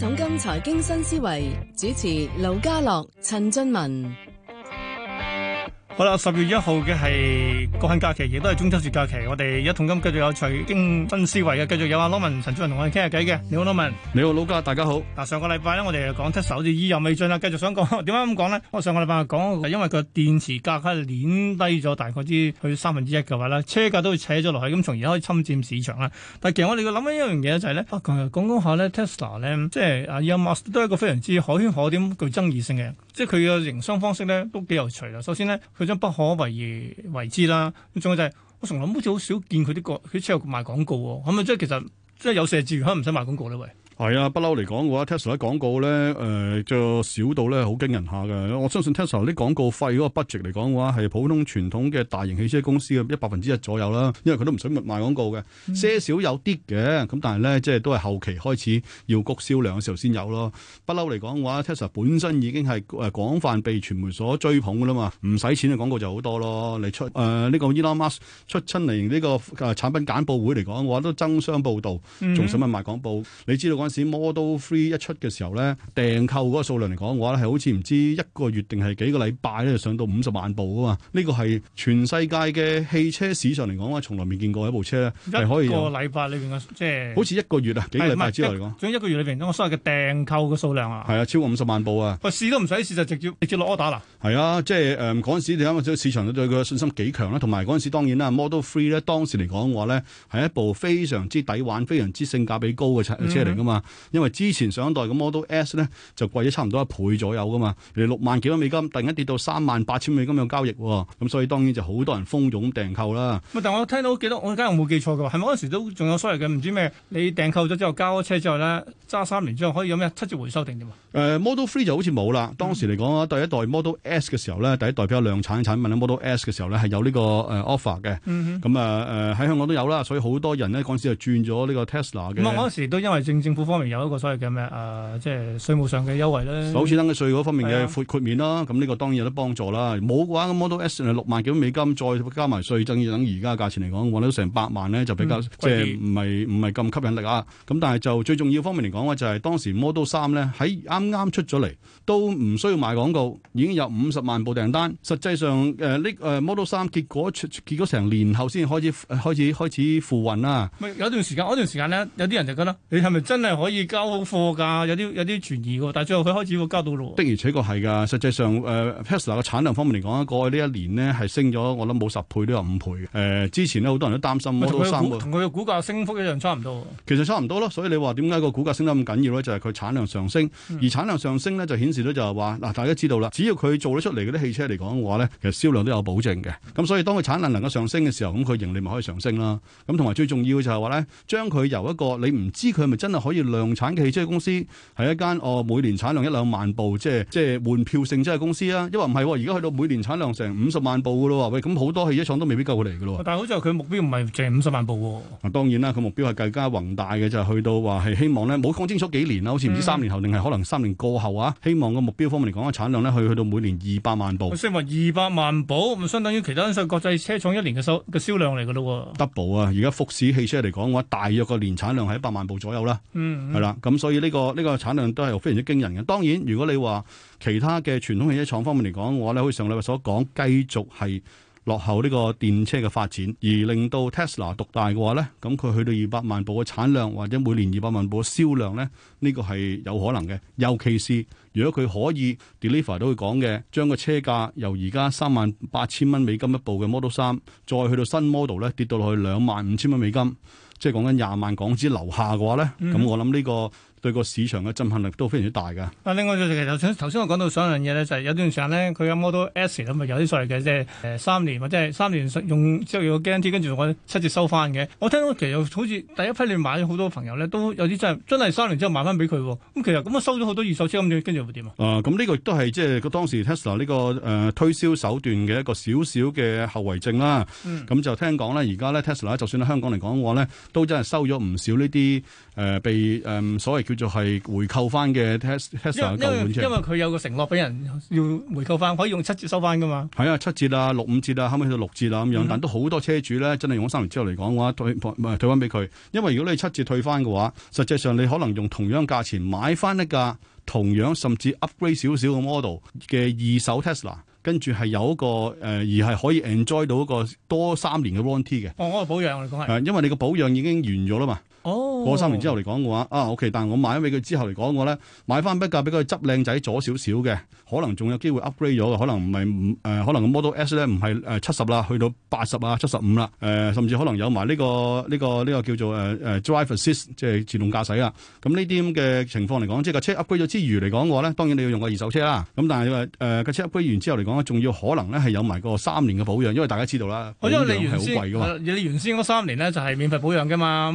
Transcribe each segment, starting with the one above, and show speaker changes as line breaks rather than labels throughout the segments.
《統金財經新思維》主持：劉家樂、陳俊文。
好啦，十月一號嘅係國慶假期，亦都係中秋節假期。我哋一桶金繼續有財經新思維嘅，繼續有阿、啊、羅文陳俊文同我哋傾下偈嘅。你好，羅文。你好，老哥，大家好。嗱、啊，上個禮拜咧，我哋講 Tesla 似乎意猶未盡啦，繼續想講點解咁講呢？我上個禮拜講，因為個電池價格碾低咗大概啲去三分之一嘅話啦，車價都扯咗落去，咁從而可以侵占市場啦。但其實我哋要諗緊一樣嘢咧，就係咧，講講下呢 Tesla 咧，即係阿伊姆斯都係一個非常之可圈可點具爭議性嘅人，即係佢嘅營商方式咧都幾有趣啦。首先咧，不可為而為之啦，仲有就係我從來好似好少見佢啲個佢車入賣廣告喎，係咪即係其實即係有社志，可能唔使賣廣告咧喂？
係啊，不嬲嚟講嘅話，Tesla 嘅廣告咧，誒、呃、就少到咧好驚人下嘅。我相信 Tesla 啲廣告費嗰個 budget 嚟講嘅話，係普通傳統嘅大型汽車公司嘅一百分之一左右啦。因為佢都唔使咪賣廣告嘅，些少有啲嘅。咁但係咧，即係都係後期開始要谷銷量嘅時候先有咯。不嬲嚟講嘅話，Tesla 本身已經係誒廣泛被傳媒所追捧㗎啦嘛，唔使錢嘅廣告就好多咯。你出誒呢、呃這個 Elon Musk 出親嚟呢個產、啊、產品簡報會嚟講話，嘅話都爭相報導，仲使咪賣廣告？嗯、你知道當時 Model Three 一出嘅時候咧，訂購嗰個數量嚟講嘅話咧，係好似唔知一個月定係幾個禮拜咧，就上到五十萬部噶嘛。呢個係全世界嘅汽車史上嚟講嘅話，從來未見過一部車咧係可以一個
禮拜裏邊嘅，即係好似
一個月啊，幾個禮拜之後嚟講，總之
一個月裏邊咁所謂嘅訂購嘅數量啊，
係啊，超過五十萬部啊。
試都唔使試就直接直接落 order 啦。
係啊，即係誒嗰陣時你睇下市場對佢信心幾強啦。同埋嗰陣時當然啦，Model Three 咧當時嚟講嘅話咧係一部非常之抵玩、非常之性價比高嘅車嚟噶嘛。嗯因為之前上一代嘅 Model S 咧就貴咗差唔多一倍左右噶嘛，嚟六萬幾多美金，突然間跌到三萬八千美金嘅交易、哦，咁所以當然就好多人蜂擁訂購啦。
但我聽到記得，我假如冇記錯嘅話，係咪嗰陣時都仲有所謂嘅？唔知咩？你訂購咗之後交咗車之後咧，揸三年之後可以有咩七折回收定點啊、
呃、Model Three 就好似冇啦。當時嚟講第一代 Model S 嘅時候咧，第一代比較量產嘅產品啦，Model S 嘅時候咧係有呢個誒 offer 嘅。咁啊誒喺香港都有啦，所以好多人呢，嗰陣時就轉咗呢個 Tesla 嘅。咁
都因為政方面有一個所謂嘅咩誒，即係稅務上嘅優惠咧。首次登嘅
稅嗰方面嘅闊豁免咯，咁呢、啊、個當然也有得幫助啦。冇嘅話，Model S 係六萬幾美金，再加埋稅，等而家價錢嚟講，揾到成百萬咧就比較、嗯、即係唔係唔係咁吸引力啊。咁但係就最重要的方面嚟講咧、啊，就係、是、當時 Model 三咧喺啱啱出咗嚟，都唔需要賣廣告，已經有五十萬部訂單。實際上誒呢誒 Model 三結果出結果成年後先開始開始開始,開始付運啦、
啊。有段時間，嗰段時間咧，有啲人就覺得你係咪真係啊？可以交好貨㗎，有啲有啲存疑㗎，但係最後佢開始會交到咯。
的而且確係㗎，實際上誒、呃、Tesla 個產量方面嚟講，過去呢一年呢係升咗，我諗冇十倍都有五倍嘅、呃。之前呢，好多人都擔心，同佢
嘅股價升幅一樣差唔多。
其實差唔多咯，所以你話點解個股價升得咁緊要咧？就係、是、佢產量上升，而產量上升咧就顯示到就係話嗱，大家知道啦，只要佢做得出嚟嗰啲汽車嚟講嘅話咧，其實銷量都有保證嘅。咁所以當佢產量能，能夠上升嘅時候，咁佢盈利咪可以上升啦。咁同埋最重要就係話咧，將佢由一個你唔知佢係咪真係可以。量產嘅汽車公司係一間哦，每年產量一兩萬部，即係即係換票性嘅公司啦。因為唔係，而家去到每年產量成五十萬部噶咯。喂，咁好多汽車廠都未必夠佢嚟噶咯。
但係好似佢目標唔係淨係五十萬
部。啊，當然啦，佢目標係更加宏大嘅，就係、是、去到話係希望呢，冇講清楚幾年啦，好似唔知道三年後定係、嗯、可能三年過後啊？希望個目標方面嚟講嘅產量呢，去去到每年二百萬部。即
係話二百萬部，咁相當於其他啲國際車廠一年嘅銷嘅銷量嚟噶咯。
Double 啊！而家福士汽車嚟講嘅話，大約個年產量係一百萬部左右啦。嗯係啦，咁所以呢個呢個產量都係非常之驚人嘅。當然，如果你話其他嘅傳統汽車廠方面嚟講嘅話咧，好似上禮拜所講，繼續係落後呢個電車嘅發展，而令到 Tesla 獨大嘅話咧，咁佢去到二百萬部嘅產量或者每年二百萬部嘅銷量咧，呢個係有可能嘅。尤其是如果佢可以 Deliver 都會講嘅，將個車價由而家三萬八千蚊美金一部嘅 Model 三，再去到新 Model 咧跌到落去兩萬五千蚊美金。即係講緊廿萬港紙樓下嘅話咧，咁、嗯、我諗呢、這個。對個市場嘅震撼力都非常之大㗎。
啊，另外就其實頭先我講到上樣嘢咧，就係、是、有段時間咧，佢有 Model S 咁啊，有啲所謂嘅即係誒三年或者係三年用之後要個 guarantee，跟住我七折收翻嘅。我聽到其實好似第一批你買咗好多朋友咧，都有啲真係真係三年之後賣翻俾佢喎。咁其實咁我收咗好多二手車咁，跟住會點啊？
啊、呃，咁、這、呢個亦都係即係個當時 Tesla 呢、這個誒、呃、推銷手段嘅一個少少嘅後遺症啦。咁、嗯、就聽講咧，而家咧 Tesla 就算喺香港嚟講嘅話咧，都真係收咗唔少呢啲誒被誒、呃、所謂。叫做係回購翻嘅 Tesla 嘅舊款車，因為
佢有個承諾俾人要回購翻，可以用七折收翻噶嘛。
係啊，七折啊，六五折啊，後尾去到六折啦、啊、咁樣、嗯。但都好多車主咧，真係用咗三年之後嚟講嘅話，退，唔係，退翻俾佢。因為如果你七折退翻嘅話，實際上你可能用同樣價錢買翻一架同樣甚至 upgrade 少少嘅 model 嘅二手 Tesla，跟住係有一個、呃、而係可以 enjoy 到一個多三年嘅 warranty 嘅。哦，嗰、
那個保養我哋講
係，因為你個保養已經完咗啦嘛。哦，過三年之後嚟講嘅話，哦、啊 OK，但係我買咗俾佢之後嚟講嘅話咧，買翻筆價俾佢執靚仔咗少少嘅，可能仲有機會 upgrade 咗嘅，可能唔係唔可能個 Model S 咧唔係誒七十啦，去到八十啊，七十五啦，誒、呃、甚至可能有埋呢、呢個呢、呢個呢、呢個叫做誒誒、呃、Driver Assist，即係自動駕駛啊。咁呢啲咁嘅情況嚟講，即係架車 upgrade 咗之餘嚟講嘅話咧，當然你要用個二手車啦。咁、嗯、但係誒誒架車 upgrade 完之後嚟講仲要可能咧係有埋個三年嘅保養，因為大家知道啦，保養係好貴
嘅嘛。你原先嗰三年咧就係免費保養嘅嘛，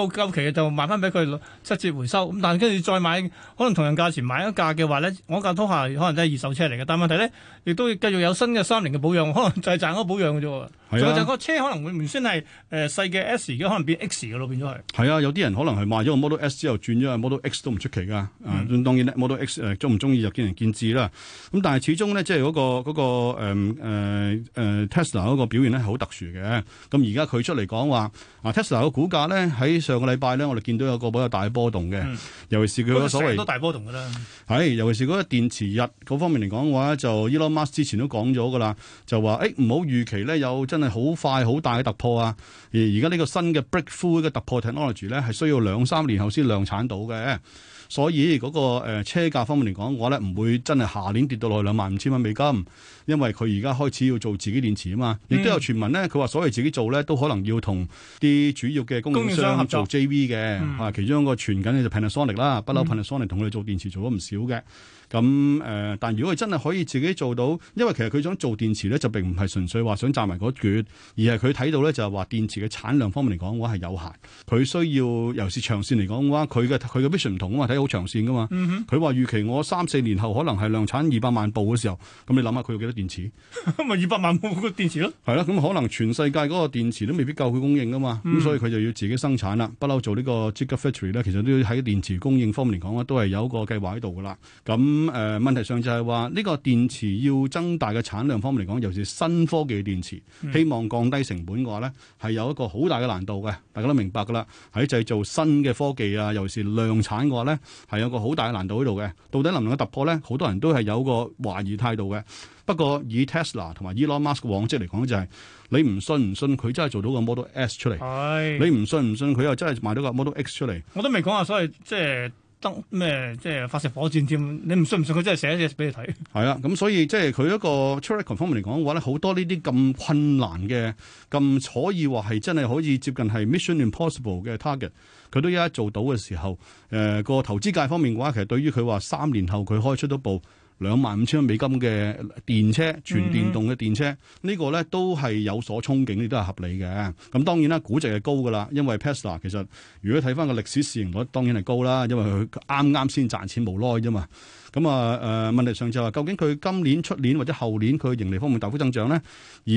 咁到期嘅就賣翻俾佢七折回收，咁但係跟住再買，可能同樣價錢買一架嘅話咧，我架拖下可能都係二手車嚟嘅。但係問題咧，亦都繼續有新嘅三菱嘅保養，可能就係賺嗰保養嘅啫。仲、啊、有就個車可能會唔算係誒細嘅 S，而家可能變 X 嘅咯，變咗係。
係啊，有啲人可能係買咗個 Model S 之後轉咗個 Model X 都唔出奇噶。啊，當然咧 Model X 誒鍾唔鍾意就見仁見智啦。咁、啊、但係始終咧即係嗰個、嗰個誒誒誒 Tesla 嗰個表現咧係好特殊嘅。咁而家佢出嚟講話，Tesla 嘅股價咧喺。在上上個禮拜咧，我哋見到有個比較大嘅波動嘅，尤其是佢個所謂、嗯、都大波動㗎啦。係，尤其是嗰個電池日嗰方面嚟講嘅話，就 Elon Musk 之前都講咗㗎啦，就話誒唔好預期咧有真係好快好大嘅突破啊！而而家呢個新嘅 breakthrough 嘅突破 technology 咧，係需要兩三年後先量產到嘅。所以嗰個誒車價方面嚟講嘅話咧，唔會真係下年跌到落去兩萬五千蚊美金，因為佢而家開始要做自己電池啊嘛。亦、嗯、都有傳聞咧，佢話所謂自己做咧，都可能要同啲主要嘅供應商，做 JV 商合作 JV 嘅，其中一個傳緊嘅就 Panasonic 啦，不嬲 Panasonic 同佢哋做電池做咗唔少嘅。嗯咁誒、呃，但如果佢真係可以自己做到，因為其實佢想做電池咧，就並唔係純粹話想賺埋嗰橛，而係佢睇到咧就係、是、話電池嘅產量方面嚟講，話係有限。佢需要尤其是長線嚟講嘅話，佢嘅佢嘅 vision 唔同啊嘛，睇好長線噶嘛。佢話預期我三四年後可能係量產二百萬部嘅時候，咁你諗下佢有幾多電池？
咪二百萬部個電池咯。
係啦、啊，咁可能全世界嗰個電池都未必夠佢供應噶嘛，咁、嗯、所以佢就要自己生產啦。不嬲做個呢個 Gigafactory 咧，其實都喺電池供應方面嚟講都係有個計劃喺度噶啦。咁咁、嗯、誒，問題上就係話呢個電池要增大嘅產量方面嚟講，尤其是新科技電池，希望降低成本嘅話咧，係有一個好大嘅難度嘅。大家都明白噶啦，喺製造新嘅科技啊，尤其是量產嘅話咧，係有個好大嘅難度喺度嘅。到底能唔能夠突破咧？好多人都係有個懷疑態度嘅。不過以 Tesla 同埋 Elon Musk 嘅往績嚟講，就係你唔信唔信佢真係做到個 Model S 出嚟？你唔信唔信佢又真係買到個 Model X 出嚟？
我都未講話，所以即係。咩？即係發射火箭添，你唔信唔信佢真係寫只俾你睇？
係啊，咁、嗯、所以即係佢一個 trajectory 方面嚟講嘅話咧，好多呢啲咁困難嘅、咁可以話係真係可以接近係 mission impossible 嘅 target，佢都一一做到嘅時候，誒、呃，個投資界方面嘅話，其實對於佢話三年後佢開出到部。兩萬五千美金嘅電車，全電動嘅電車呢個咧都係有所憧憬，亦都係合理嘅。咁當然啦，估值係高噶啦，因為 Tesla 其實如果睇翻個歷史市盈率，當然係高啦，因為佢啱啱先賺錢無耐啫嘛。咁啊誒，問題上就係話究竟佢今年出年或者後年佢盈利方面大幅增長咧？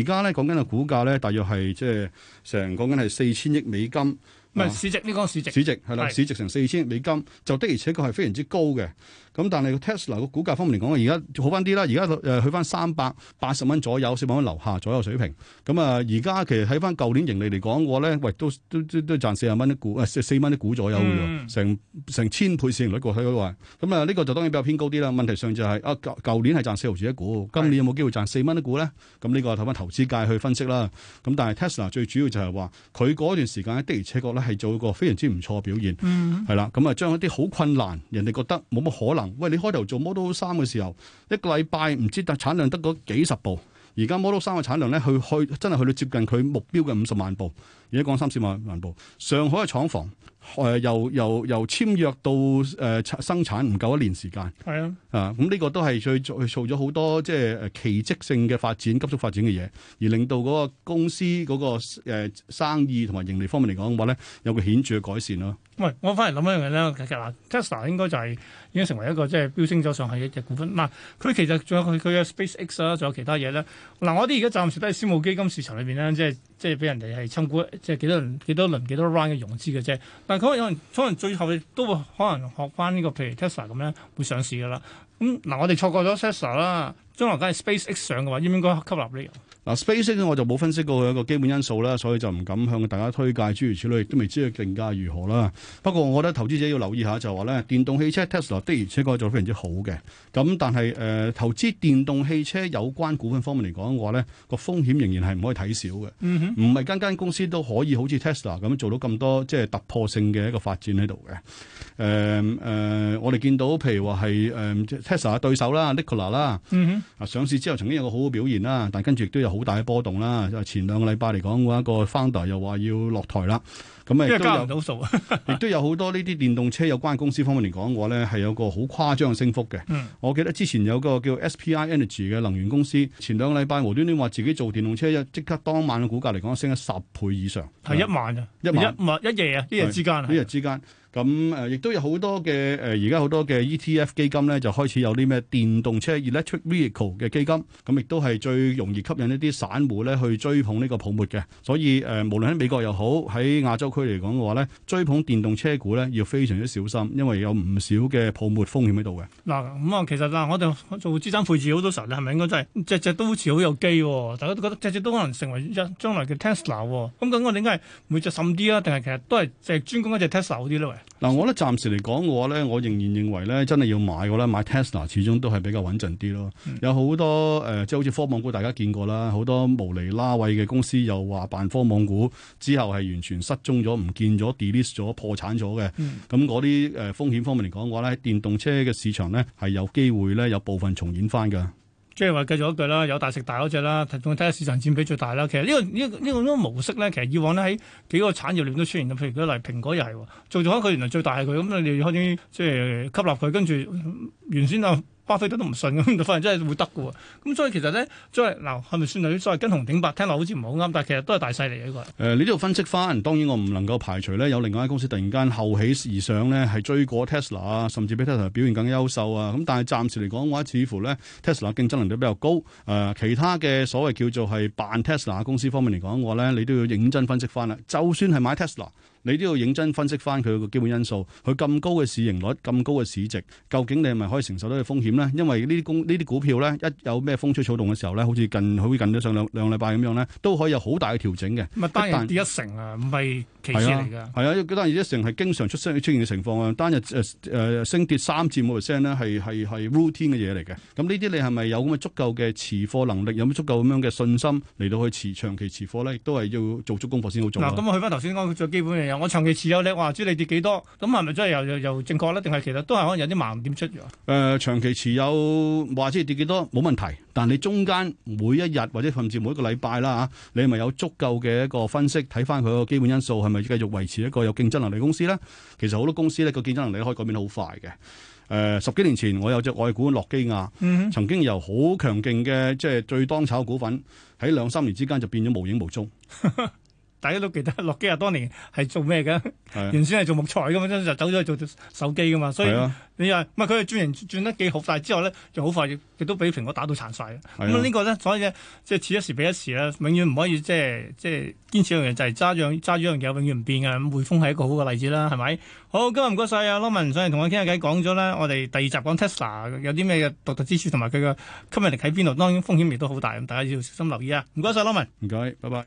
而家咧講緊嘅股價咧大約係即係成講緊係四千億美金。啊、市值呢、
這個市值，市值係啦，市值
成四千美金，就的而且確係非常之高嘅。咁但係 Tesla 個股價方面嚟講，而家好翻啲啦。而家、呃、去翻三百八十蚊左右，四百蚊樓下左右水平。咁啊，而、呃、家其實喺翻舊年盈利嚟講，我咧喂都都都都賺四十蚊一股，四四蚊一股左右嘅喎、嗯，成成千倍市盈率過去都話。咁啊，呢、這個就當然比較偏高啲啦。問題上就係、是、啊，舊舊年係賺四毫子一股，今年有冇機會賺四蚊一股咧？咁呢個睇翻投資界去分析啦。咁但係 Tesla 最主要就係話，佢嗰段時間的而且確咧。係做一個非常之唔錯嘅表現，係、嗯、啦，咁啊將一啲好困難，人哋覺得冇乜可能，喂，你開頭做 Model 三嘅時候，一個禮拜唔知得產量得嗰幾十部，而家 Model 三嘅產量咧，去去真係去到接近佢目標嘅五十萬部，而家講三四萬部，上海嘅廠房。誒由由由簽約到誒、呃、生產唔夠一年時間，係啊，啊咁呢、嗯這個都係再再做咗好多即係誒奇蹟性嘅發展，急速發展嘅嘢，而令到嗰個公司嗰、那個、呃、生意同埋盈利方面嚟講嘅話呢有個顯著嘅改善咯、
啊。喂，我翻嚟諗一樣嘢咧，嗱，Tesla 應該就係已經成為一個即係飆升咗上去嘅一隻股份。嗱、呃，佢其實仲有佢佢嘅 SpaceX 啦、啊，仲有其他嘢咧。嗱、呃，我哋而家暫時都喺私募基金市場裏邊咧，即係。即係俾人哋係參股，即係幾多輪、幾多輪、幾多 round 嘅融資嘅啫。但係可能可能最後都會可能學翻呢、呢個，譬如 Tesla 咁咧，會上市㗎啦。咁、嗯、嗱，我哋錯過咗 Tesla 啦，將來梗係 SpaceX 上嘅話，應唔應該吸納呢？
嗱，Space 咧我就冇分析過佢一個基本因素啦，所以就唔敢向大家推介諸如此類，亦都未知佢更加如何啦。不過我覺得投資者要留意下就，就話咧電動汽車 Tesla 的而且確做得非常之好嘅。咁但係、呃、投資電動汽車有關股份方面嚟講嘅話咧，個風險仍然係唔可以睇少嘅。嗯哼，唔係間間公司都可以好似 Tesla 咁做到咁多即係突破性嘅一個發展喺度嘅。誒誒，我哋見到譬如話係誒 Tesla 嘅對手啦，Nikola 啦，啊、嗯、上市之後曾經有個好好表現啦，但跟住亦都有好大嘅波動啦！就前兩個禮拜嚟講嘅話，一個 founder 又話要落台啦。咁啊，即係交唔
到數啊！
亦都有好 多呢啲電動車有關嘅公司方面嚟講嘅話咧，係有個好誇張嘅升幅嘅。嗯，我記得之前有個叫 SPI Energy 嘅能源公司，前兩個禮拜無端端話自己做電動車，又即刻當晚嘅股價嚟講，升咗十倍以上。係一萬
啊！一萬一夜啊！一夜之間啊！一
夜之間。咁亦都有好多嘅，而家好多嘅 ETF 基金咧，就開始有啲咩電動車 （electric vehicle） 嘅基金，咁亦都係最容易吸引一啲散戶咧去追捧呢個泡沫嘅。所以誒、呃，無論喺美國又好，喺亞洲區嚟講嘅話咧，追捧電動車股咧，要非常之小心，因為有唔少嘅泡沫風險喺度嘅。
嗱，咁啊，其實嗱，我哋做資產配置好多時候咧，係咪應該真係隻隻都好似好有機喎、哦？大家都覺得隻隻都可能成為一將來嘅 Tesla 喎、哦？咁咁我哋應該係每隻滲啲啊？定係其實都係淨係專攻一隻 Tesla 好啲咧？
嗱，我咧暫時嚟講嘅話咧，我仍然認為咧，真係要買嘅咧，買 Tesla 始終都係比較穩陣啲咯。嗯、有好多誒、呃，即係好似科，科網股，大家見過啦，好多無厘拉位嘅公司又話辦科網股之後係完全失蹤咗、唔見咗、delete 咗、破產咗嘅。咁嗰啲誒風險方面嚟講嘅話咧，電動車嘅市場咧係有機會咧有部分重演翻㗎。
即係話繼續一句啦，有大食大嗰隻啦，仲要睇下市場佔比最大啦。其實呢個呢個呢個模式咧，其實以往咧喺幾個產業鏈都出現啦。譬如佢嚟蘋果又係做咗佢，原來最大係佢咁，你開始即係吸納佢，跟住原先啊。巴菲特都唔信咁，就發現真係會得嘅喎。咁所以其實咧，即係嗱，係咪算係所謂跟紅頂白？聽落好似唔係好啱，但係其實都係大勢嚟嘅一個。誒、
呃，你都要分析翻。當然，我唔能夠排除咧，有另外一間公司突然間後起而上咧，係追過 Tesla 啊，甚至比 Tesla 表現更加優秀啊。咁但係暫時嚟講嘅話，似乎咧 Tesla 競爭能力比較高。誒、呃，其他嘅所謂叫做係扮 Tesla 公司方面嚟講嘅話咧，你都要認真分析翻啦。就算係買 Tesla。你都要認真分析翻佢個基本因素，佢咁高嘅市盈率、咁高嘅市值，究竟你係咪可以承受到嘅風險咧？因為呢啲公呢啲股票咧，一有咩風吹草動嘅時候咧，好似近佢近咗上兩兩個禮拜咁樣咧，都可以有好大嘅調整嘅。咪單日跌一成
啊，唔係奇事
嚟㗎。係啊，係啊，幾單日一成係經常出聲出現嘅情況啊！單日誒誒升跌三至五 percent 咧，係係係 routine 嘅嘢嚟嘅。咁呢啲你係咪有咁嘅足夠嘅持貨能力？有冇足夠咁樣嘅信心嚟到去持長期持貨咧？亦都係要做足功課先好做啊！嗱，咁
啊去翻頭先講最基本嘅。我長期持有你話知你跌幾多，咁係咪真係又又又正確咧？定係其實都係可能有啲盲點出咗？
誒，長期持有話知跌幾多冇問題，但係你中間每一日或者甚至每一個禮拜啦嚇，你係咪有足夠嘅一個分析，睇翻佢個基本因素係咪繼續維持一個有競爭能力公司咧？其實好多公司咧個競爭能力可以改變得好快嘅。誒、呃，十幾年前我有隻外股諾基亞、嗯，曾經由好強勁嘅即係最當炒股份，喺兩三年之間就變咗無影無蹤。 大家都記得
諾基亞當年係做咩嘅、啊？原先係做木材嘅嘛，之後走咗去做手機嘅嘛，所以是、啊、你話唔係佢係轉型轉得幾好，但之後呢，就好快亦都俾蘋果打到殘晒。咁呢、啊、個呢，所以呢，即係此一時彼一時啦，永遠唔可以即係即係堅持一樣嘢就係揸樣揸一樣嘢，永遠唔變嘅。匯豐係一個好嘅例子啦，係咪？好，今日唔該曬阿羅文，上嚟同我傾下偈，講咗咧，我哋第二集講 Tesla 有啲咩嘅獨特之處，同埋佢嘅吸引力喺邊度？當然風險亦都好大，咁大家要小心留意啊！唔該曬，羅文，唔該，拜拜。